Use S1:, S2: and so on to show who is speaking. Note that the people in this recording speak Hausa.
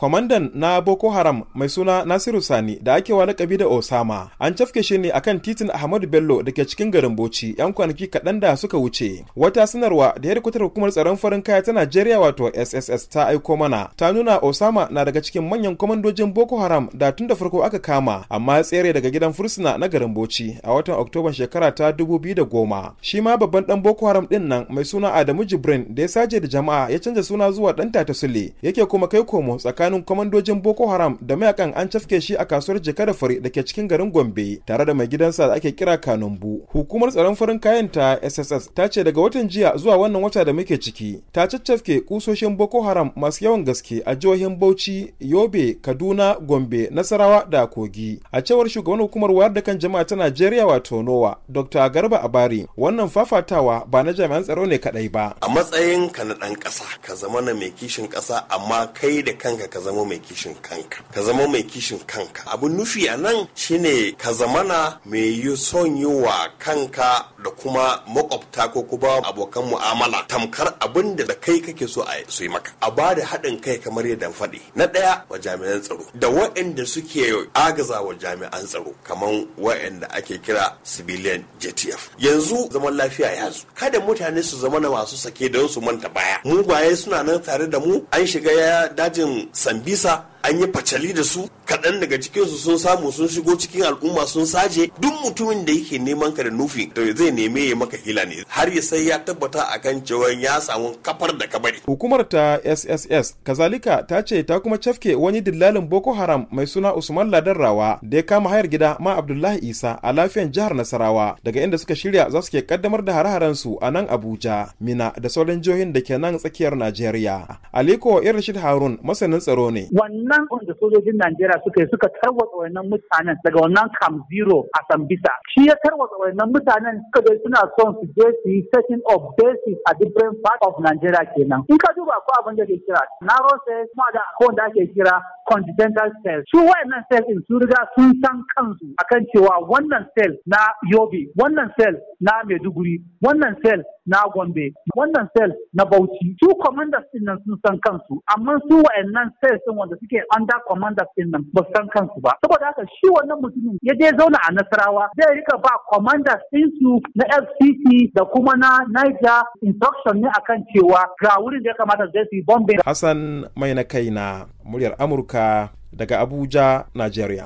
S1: kwamandan na boko haram mai suna nasiru sani da ake wa lakabi da osama an cafke shi ne akan titin ahmadu bello da ke cikin garin bauchi yan kwanaki kaɗan da suka wuce wata sanarwa da hedikwatar hukumar tsaron farin kaya ta najeriya wato sss ta aiko mana ta nuna osama na daga cikin manyan kwamandojin boko haram da tun da farko aka kama amma ya tsere daga gidan fursuna na garin bauchi a watan oktoban shekara ta dubu biyu da goma. shi ma babban dan boko haram din nan mai suna adamu jibrin da ya saje da jama'a ya canza suna zuwa dan tatasule sule yake kuma kai komo tsakanin tsakanin kwamandojin Boko Haram da mayakan an cafke shi a kasuwar jika da fari dake cikin garin Gombe tare da mai gidansa da ake kira Kanumbu. Hukumar tsaron farin kayan ta SSS ta ce daga watan jiya zuwa wannan wata da muke ciki ta caccafke kusoshin Boko Haram masu yawan gaske a jihohin Bauchi, Yobe, Kaduna, Gombe, Nasarawa da Kogi. A cewar shugaban hukumar wayar da kan jama'a ta Najeriya wato NOWA, Dr. Garba Abari, wannan fafatawa ba na jami'an tsaro ne kadai ba.
S2: A matsayin ka na dan kasa ka zama na mai kishin kasa amma kai da kanka ka zama mai kishin kanka ka zama mai kishin kanka abun nufi a nan shine ka zamana mai son yi wa kanka da kuma makwabta ko kuma abokan mu'amala tamkar abin da kai kake so a su yi maka a ba da haɗin kai kamar yadda faɗi na ɗaya wa jami'an tsaro da waɗanda suke agaza wa jami'an tsaro kamar waɗanda ake kira civilian JTF yanzu zaman lafiya ya zo kada mutane su zama na masu sake don su manta baya mugaye suna nan tare da mu an shiga dajin sambisa an yi facali da su kaɗan daga cikinsu sun samu sun shigo cikin al'umma sun saje duk mutumin da yake neman ka da nufi to zai neme ya maka hila ne har ya sai ya tabbata a kan cewa ya samu kafar da
S1: kabari. Hukumar ta SSS kazalika ta ce ta kuma cafke wani dillalin Boko Haram mai suna Usman Ladan Rawa da ya kama hayar gida ma Abdullahi Isa a lafiyan jihar Nasarawa daga inda suka shirya za su ke kaddamar da hare-haren su a nan Abuja, Mina da sauran jihohin da ke nan tsakiyar Najeriya. Aliko Irshid Harun masanin tsaro ne.
S3: Wannan wanda sojojin Najeriya suka yi suka tarwatsa wannan mutanen daga wannan kam zero a Sambisa. Shi ya tarwatsa wannan mutanen suka dai suna son su je su yi setting of bases a different part of Nigeria kenan. In ka duba ko abin da ke kira narrow cells kuma da ko da ake kira continental cells. Su wayannan cells din su riga sun san kansu akan cewa wannan cell na Yobe, wannan cell na Maiduguri, wannan cell na Gombe wannan sel na Bauchi su commanders din nan sun san kansu amma su wa'annan sel din wanda suke under commanders din nan ba san kansu ba saboda haka shi wannan mutumin ya je zauna a Nasarawa zai rika ba commanders din su na FCC da kuma na Niger instruction ne akan cewa ga wurin da ya kamata zai su bombe
S1: Hassan mai na kai na muryar Amurka daga Abuja, Najeriya.